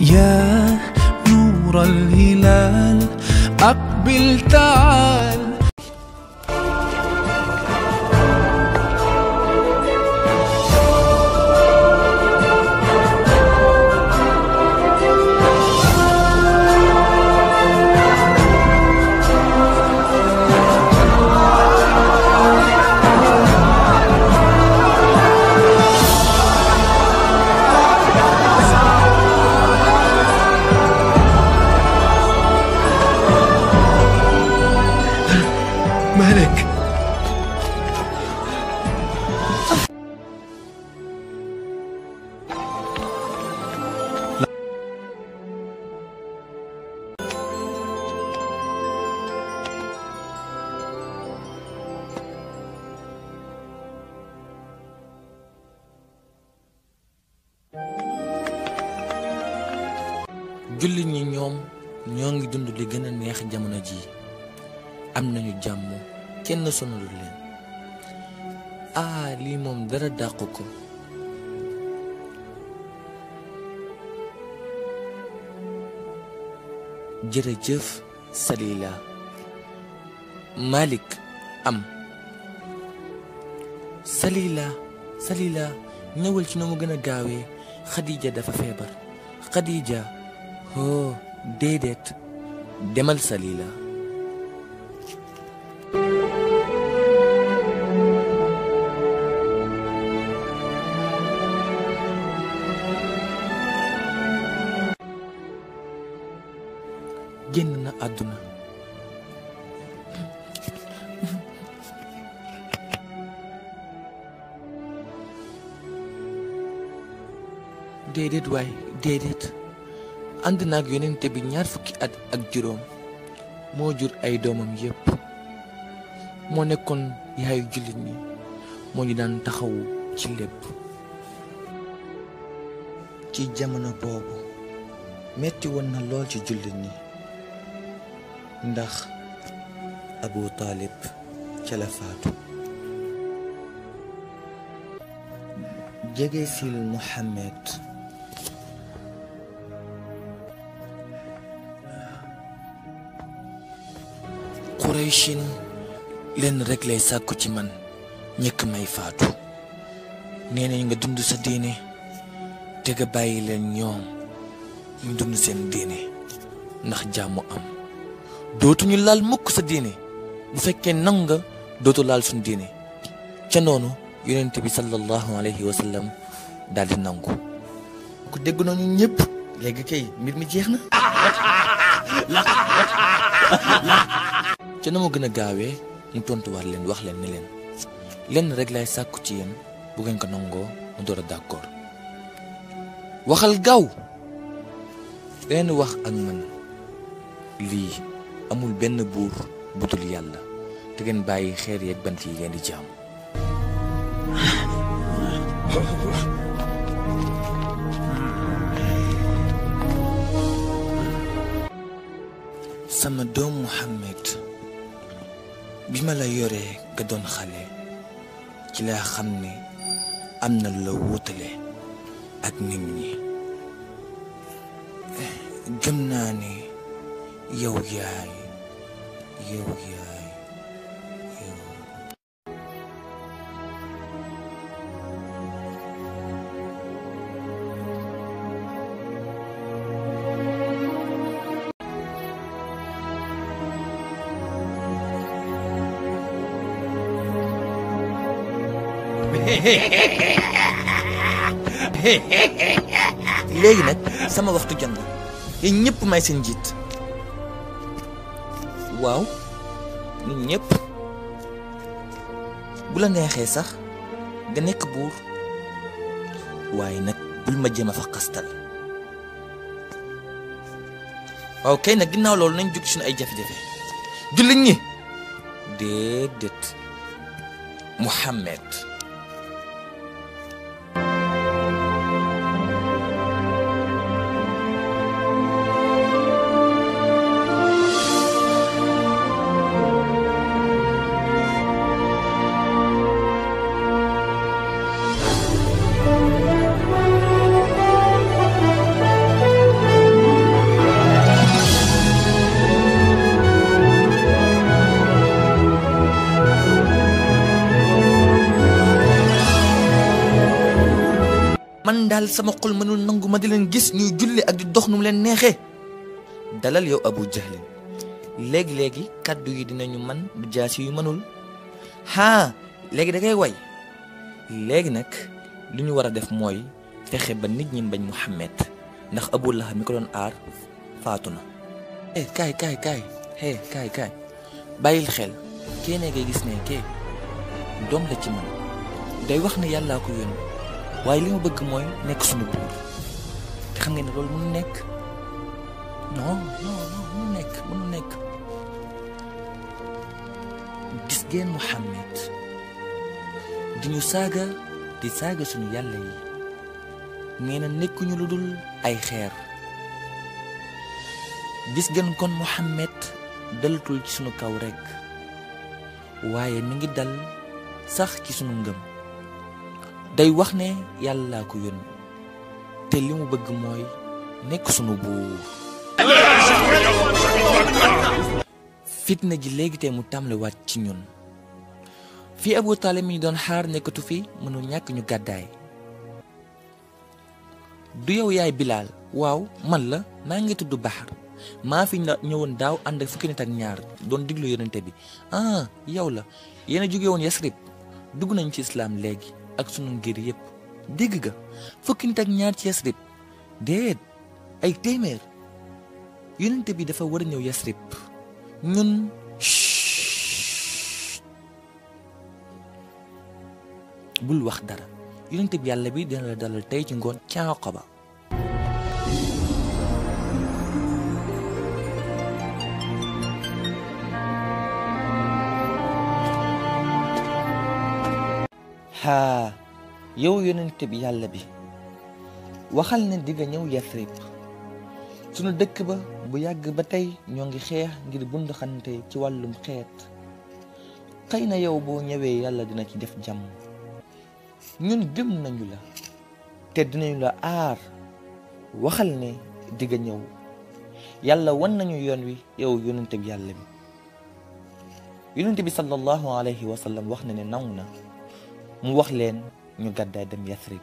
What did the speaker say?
يا نور الهلال أقبل تعال jullit ñi ñoom ñoo ngi dund li gën a neex jamono ji am nañu jàmm kenn sonalul leen ah lii moom dara dàqu ko jërëjëf Salila Malik am Salila Salila ñëwal ci na mu gën a gaawee Khadija dafa feebar Khadija Oh, déedéet demal Salila génn na àdduna déedéet waay déedéet ànd naag yonente bi ñaar fukki at ak juróom moo jur ay doomam yépp moo nekkoon yaayu jullit ñi moo ñu daan taxawu ci lépp ci jamono boobu metti woon na lool ci jullit ñi ndax Abu Taalib ca la faatu jege sil Qurayshin lenn rekk lay sàkku ci man ñëkk may faatu nee nañ nga dund sa diine te nga bàyyi leen ñoom ñu dund seen diine ndax jàmmu am dootuñu laal mukk sa diine bu fekkee nangu nga dootu laal suñu diine ca noonu yonent bi sallallahu alayhi wa sallam daal di nangu ko dégg nañu ñëpp léegi kay mbir mi jeex na ca na mu gën a gaawee mu tontuwaat leen wax leen ni leen lenn rek lay sàkku ci yéen bu ngeen ko nangoo mu door a d'accord waxal gaaw leen wax ak man lii amul benn buur budul yàlla te geen bàyyi xeer yeeg bant yi ngeen di jaam ma la yoree nga doon xale ci la xam ni am na la wutale ak nit ñi gëm naa ne yow yaay léegi nag sama waxtu jot na yéen ñëpp may seen njiit waaw ñun ñëpp bu la neexee sax ga nekk buur waaye nag bul ma jéem a fa xastal waaw kay ginnaaw loolu nañ jóg suñu ay jafe-jafe jullit ñi déedéet Muhammad man daal sama xol mënul nangu ma di leen gis ñuy julli ak di dox nu mu leen neexe dalal yow abu jahlin léegi-léegi kàddu yi dinañu man bu jaasi yu mënul haa léegi da ngay way léegi nag li ñu war a def mooy fexe ba nit ñi bañ Muhammad ndax Abu Lahab ko doon aar faatu na eh kaay kaay eh, kaay kaay bàyyil xel kee ne ngay gis ne kee doom la ci man day wax ne yàllaa ko yónni waaye li ma bëgg mooy nekk suñu buur te xam ngeen loolu mënu nekk non non nekk mënu nekk gis ngeen Muhammad di ñu saaga di saaga suñu yàlla yi nee na nekkuñu lu dul ay xeer gis ngeen kon Muhammad dalatul ci sunu kaw rekk waaye mi ngi dal sax ci sunu ngëm day wax ne yàlla ko yónni te li mu bëgg mooy nekk sunu buur fitna ji léegi tey mu tàmlewaat ci ñun fii Abu Taalib mi ñu doon xaar nekkatu fi mënul ñàkk ñu gàddaay du yow yaay Bilaal waaw man la maa ngi tudd Baxar maa fi ñëwoon daaw ànd ak fukki nit ak ñaar doon diglu yonente bi ah, yow la yéen jógewoon jóge dugg nañ ci islaam léegi ak sunu ngir yépp dégg nga fukki ak ñaar ci yasrib déet ay téeméer yonent bi dafa war a ñëw yasrib ñun bul wax dara yonent bi bi dina la tey ci ngoon caaqaba xaa yow yonent bi yàlla bi waxal ne digg nga ñëw Yasrib sunu dëkk ba bu yàgg ba tey ñoo ngi xeex ngir bunduxante ci wàllum xeet xëy na yow boo ñëwee yàlla dina ci def jàmm ñun gëm nañu la te dinañu la aar waxal ne di nga ñëw yàlla wan nañu yoon wi yow yonent bi yàlla bi yonent bi sallallahu alayhi wa wax na ne naw na mu wax leen ñu gàddaay dem Yasrib